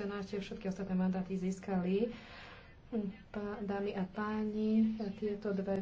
Senáte všetky ostatné mandáty získali. dámy a páni, tieto dve